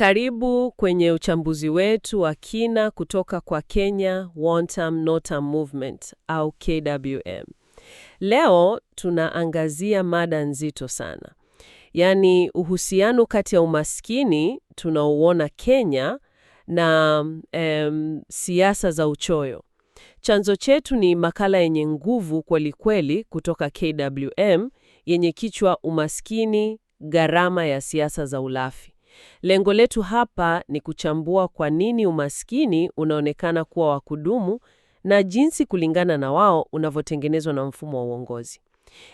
Karibu kwenye uchambuzi wetu wa kina kutoka kwa Kenya Wantam Notam Movement au KWM. Leo tunaangazia mada nzito sana, yaani uhusiano kati ya umaskini tunaouona Kenya na em, siasa za uchoyo. Chanzo chetu ni makala yenye nguvu kwelikweli kutoka KWM yenye kichwa umaskini, gharama ya siasa za ulafi. Lengo letu hapa ni kuchambua kwa nini umaskini unaonekana kuwa wa kudumu na jinsi kulingana na wao unavyotengenezwa na mfumo wa uongozi.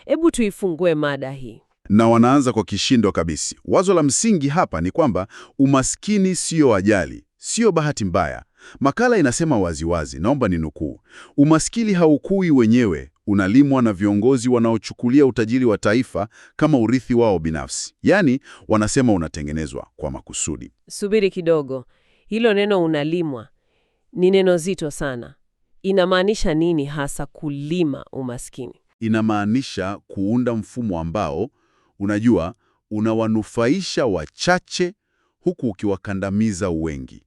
Hebu tuifungue mada hii. Na wanaanza kwa kishindo kabisa. Wazo la msingi hapa ni kwamba umaskini siyo ajali, siyo bahati mbaya. Makala inasema waziwazi, naomba ninukuu, umaskini haukui wenyewe, unalimwa na viongozi wanaochukulia utajiri wa taifa kama urithi wao binafsi. Yaani wanasema unatengenezwa kwa makusudi. Subiri kidogo, hilo neno unalimwa ni neno zito sana. Inamaanisha nini hasa kulima umaskini? Inamaanisha kuunda mfumo ambao, unajua, unawanufaisha wachache huku ukiwakandamiza wengi.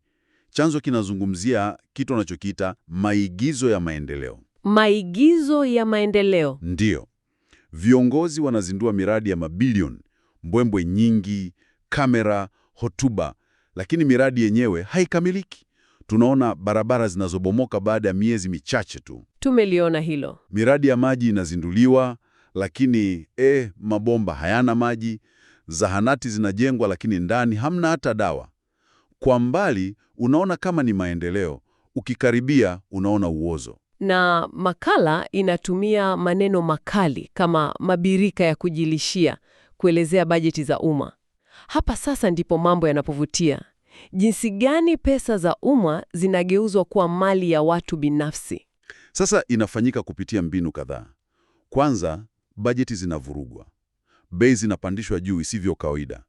Chanzo kinazungumzia kitu anachokiita maigizo ya maendeleo. Maigizo ya maendeleo. Ndiyo. Viongozi wanazindua miradi ya mabilioni, mbwembwe nyingi, kamera, hotuba, lakini miradi yenyewe haikamiliki. Tunaona barabara zinazobomoka baada ya miezi michache tu. Tumeliona hilo. Miradi ya maji inazinduliwa, lakini eh, mabomba hayana maji. Zahanati zinajengwa, lakini ndani hamna hata dawa. Kwa mbali unaona kama ni maendeleo, ukikaribia unaona uozo na makala inatumia maneno makali kama mabirika ya kujilishia kuelezea bajeti za umma. Hapa sasa ndipo mambo yanapovutia. Jinsi gani pesa za umma zinageuzwa kuwa mali ya watu binafsi? Sasa inafanyika kupitia mbinu kadhaa. Kwanza, bajeti zinavurugwa, bei zinapandishwa juu isivyo kawaida.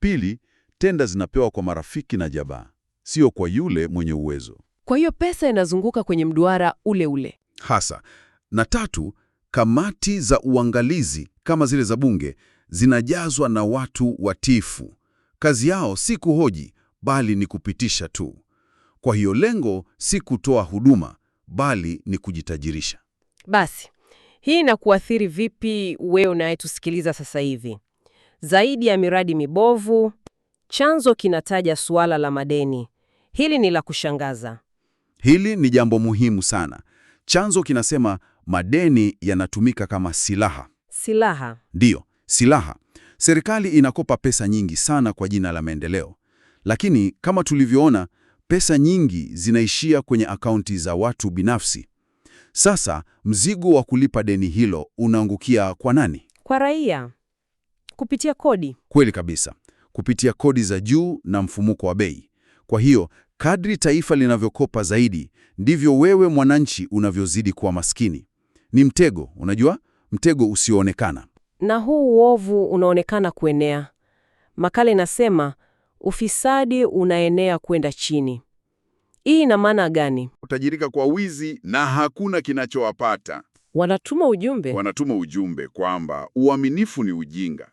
Pili, tenda zinapewa kwa marafiki na jabaa, sio kwa yule mwenye uwezo. Kwa hiyo pesa inazunguka kwenye mduara ule ule hasa. Na tatu, kamati za uangalizi kama zile za bunge zinajazwa na watu watifu. Kazi yao si kuhoji, bali ni kupitisha tu. Kwa hiyo lengo si kutoa huduma, bali ni kujitajirisha. Basi hii inakuathiri vipi wewe unayetusikiliza sasa hivi? Zaidi ya miradi mibovu, chanzo kinataja suala la madeni. Hili ni la kushangaza. Hili ni jambo muhimu sana. Chanzo kinasema madeni yanatumika kama silaha. Silaha ndiyo, silaha. Serikali inakopa pesa nyingi sana kwa jina la maendeleo, lakini kama tulivyoona, pesa nyingi zinaishia kwenye akaunti za watu binafsi. Sasa mzigo wa kulipa deni hilo unaangukia kwa nani? Kwa raia, kupitia kodi. Kweli kabisa, kupitia kodi za juu na mfumuko wa bei. Kwa hiyo Kadri taifa linavyokopa zaidi, ndivyo wewe mwananchi unavyozidi kuwa maskini. Ni mtego, unajua, mtego usioonekana. Na huu uovu unaonekana kuenea. Makala inasema ufisadi unaenea kwenda chini. Hii ina maana gani? Utajirika kwa wizi na hakuna kinachowapata. Wanatuma ujumbe, wanatuma ujumbe kwamba uaminifu ni ujinga,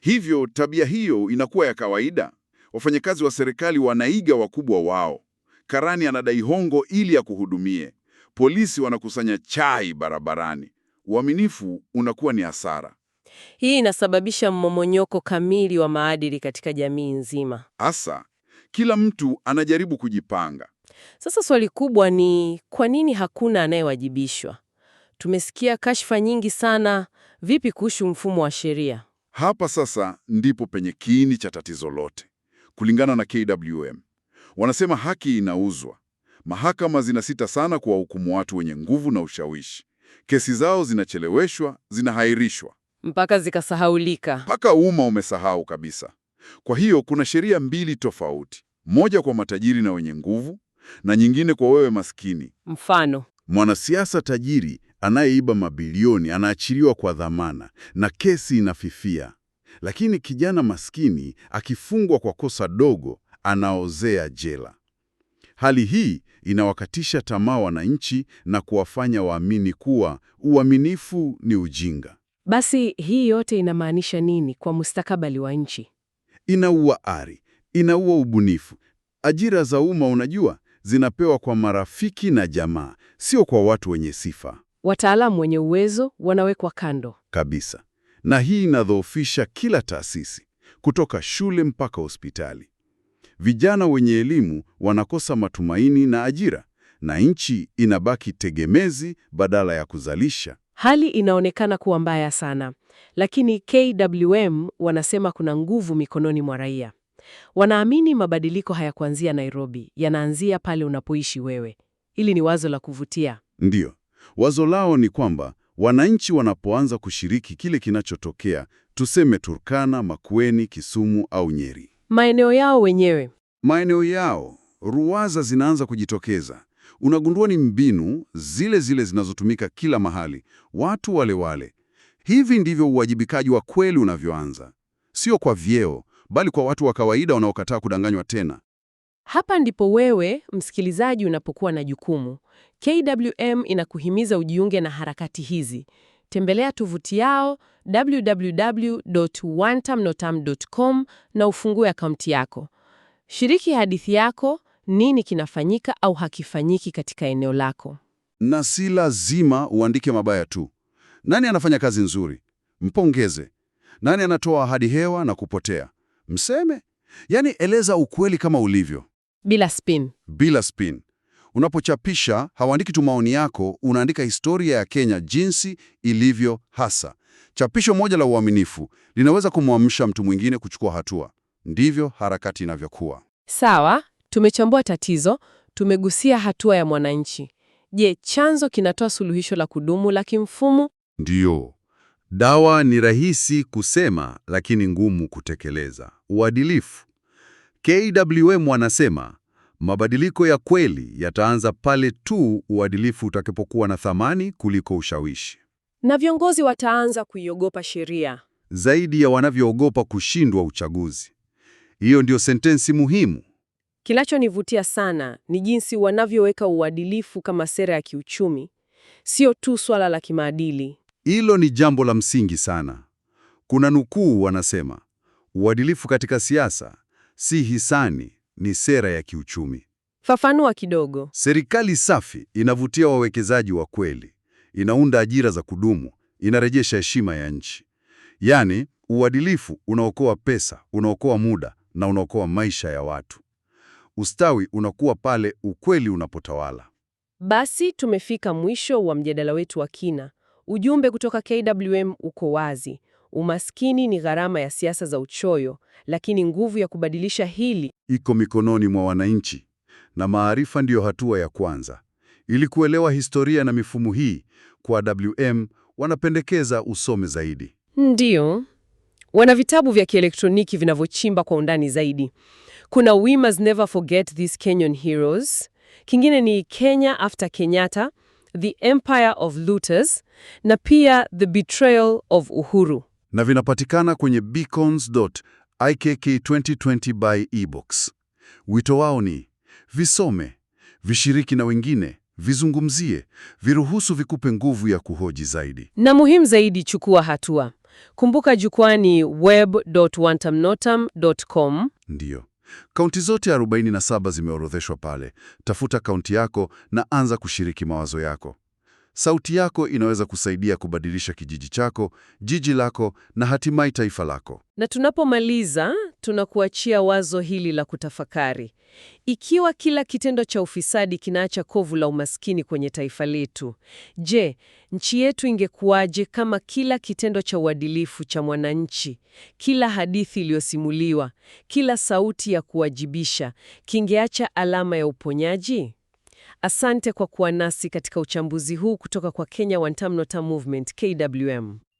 hivyo tabia hiyo inakuwa ya kawaida. Wafanyakazi wa serikali wanaiga wakubwa wao. Karani anadai hongo ili akuhudumie. Polisi wanakusanya chai barabarani. Uaminifu unakuwa ni hasara. Hii inasababisha mmomonyoko kamili wa maadili katika jamii nzima. Hasa kila mtu anajaribu kujipanga. Sasa swali kubwa ni kwa nini hakuna anayewajibishwa? Tumesikia kashfa nyingi sana. Vipi kuhusu mfumo wa sheria? Hapa sasa ndipo penye kiini cha tatizo lote kulingana na KWM. Wanasema haki inauzwa. Mahakama zinasita sana kuwahukumu watu wenye nguvu na ushawishi. Kesi zao zinacheleweshwa, zinahairishwa mpaka zikasahaulika, mpaka umma umesahau kabisa. Kwa hiyo kuna sheria mbili tofauti, moja kwa matajiri na wenye nguvu na nyingine kwa wewe maskini. Mfano, mwanasiasa tajiri anayeiba mabilioni anaachiliwa kwa dhamana na kesi inafifia. Lakini kijana maskini akifungwa kwa kosa dogo anaozea jela. Hali hii inawakatisha tamaa wananchi na kuwafanya waamini kuwa uaminifu ni ujinga. Basi hii yote inamaanisha nini kwa mustakabali wa nchi? Inaua ari, inaua ubunifu. Ajira za umma, unajua, zinapewa kwa marafiki na jamaa, sio kwa watu wenye sifa. Wataalamu wenye uwezo wanawekwa kando kabisa na hii inadhoofisha kila taasisi, kutoka shule mpaka hospitali. Vijana wenye elimu wanakosa matumaini na ajira, na nchi inabaki tegemezi badala ya kuzalisha. Hali inaonekana kuwa mbaya sana, lakini KWM wanasema kuna nguvu mikononi mwa raia. Wanaamini mabadiliko hayakuanzia Nairobi, yanaanzia pale unapoishi wewe. Hili ni wazo la kuvutia. Ndiyo, wazo lao ni kwamba wananchi wanapoanza kushiriki kile kinachotokea, tuseme Turkana, Makueni, Kisumu au Nyeri, maeneo yao wenyewe, maeneo yao, ruwaza zinaanza kujitokeza. Unagundua ni mbinu zile zile zinazotumika kila mahali, watu wale wale. Hivi ndivyo uwajibikaji wa kweli unavyoanza, sio kwa vyeo, bali kwa watu wa kawaida wanaokataa kudanganywa tena. Hapa ndipo wewe msikilizaji unapokuwa na jukumu. KWM inakuhimiza ujiunge na harakati hizi. Tembelea tovuti yao www.wantamnotam.com na ufungue akaunti yako. Shiriki hadithi yako, nini kinafanyika au hakifanyiki katika eneo lako. Na si lazima uandike mabaya tu. Nani anafanya kazi nzuri? Mpongeze. Nani anatoa ahadi hewa na kupotea? Mseme. Yaani, eleza ukweli kama ulivyo. Bila spin. Bila spin. Unapochapisha hauandiki tu maoni yako, unaandika historia ya Kenya jinsi ilivyo hasa. Chapisho moja la uaminifu linaweza kumwamsha mtu mwingine kuchukua hatua. Ndivyo harakati inavyokuwa. Sawa, tumechambua tatizo, tumegusia hatua ya mwananchi. Je, chanzo kinatoa suluhisho la kudumu la kimfumo? Ndiyo. Dawa ni rahisi kusema, lakini ngumu kutekeleza. Uadilifu. KWM wanasema mabadiliko ya kweli yataanza pale tu uadilifu utakapokuwa na thamani kuliko ushawishi, na viongozi wataanza kuiogopa sheria zaidi ya wanavyoogopa kushindwa uchaguzi. Hiyo ndio sentensi muhimu. Kinachonivutia sana ni jinsi wanavyoweka uadilifu kama sera ya kiuchumi, sio tu swala la kimaadili. Hilo ni jambo la msingi sana. Kuna nukuu wanasema, uadilifu katika siasa si hisani, ni sera ya kiuchumi. Fafanua kidogo. Serikali safi inavutia wawekezaji wa kweli, inaunda ajira za kudumu, inarejesha heshima ya nchi. Yaani, uadilifu unaokoa pesa, unaokoa muda na unaokoa maisha ya watu. Ustawi unakuwa pale ukweli unapotawala. Basi tumefika mwisho wa mjadala wetu wa kina. Ujumbe kutoka KWM uko wazi. Umaskini ni gharama ya siasa za uchoyo, lakini nguvu ya kubadilisha hili iko mikononi mwa wananchi, na maarifa ndiyo hatua ya kwanza. Ili kuelewa historia na mifumo hii, kwa WM wanapendekeza usome zaidi. Ndiyo, wana vitabu vya kielektroniki vinavyochimba kwa undani zaidi. Kuna We Must Never Forget These Kenyan Heroes, kingine ni Kenya After Kenyatta, The Empire of Looters na pia The Betrayal of Uhuru na vinapatikana kwenye beacons.ikk2020 by ebooks. Wito wao ni visome, vishiriki na wengine, vizungumzie, viruhusu vikupe nguvu ya kuhoji zaidi. Na muhimu zaidi, chukua hatua. Kumbuka jukwaa ni web.wantamnotam.com. Ndiyo. Kaunti zote 47 zimeorodheshwa pale. Tafuta kaunti yako na anza kushiriki mawazo yako. Sauti yako inaweza kusaidia kubadilisha kijiji chako, jiji lako na hatimaye taifa lako. Na tunapomaliza, tunakuachia wazo hili la kutafakari. Ikiwa kila kitendo cha ufisadi kinaacha kovu la umaskini kwenye taifa letu, je, nchi yetu ingekuwaje kama kila kitendo cha uadilifu cha mwananchi, kila hadithi iliyosimuliwa, kila sauti ya kuwajibisha kingeacha alama ya uponyaji? Asante kwa kuwa nasi katika uchambuzi huu kutoka kwa Kenya Wantamnotam Movement KWM.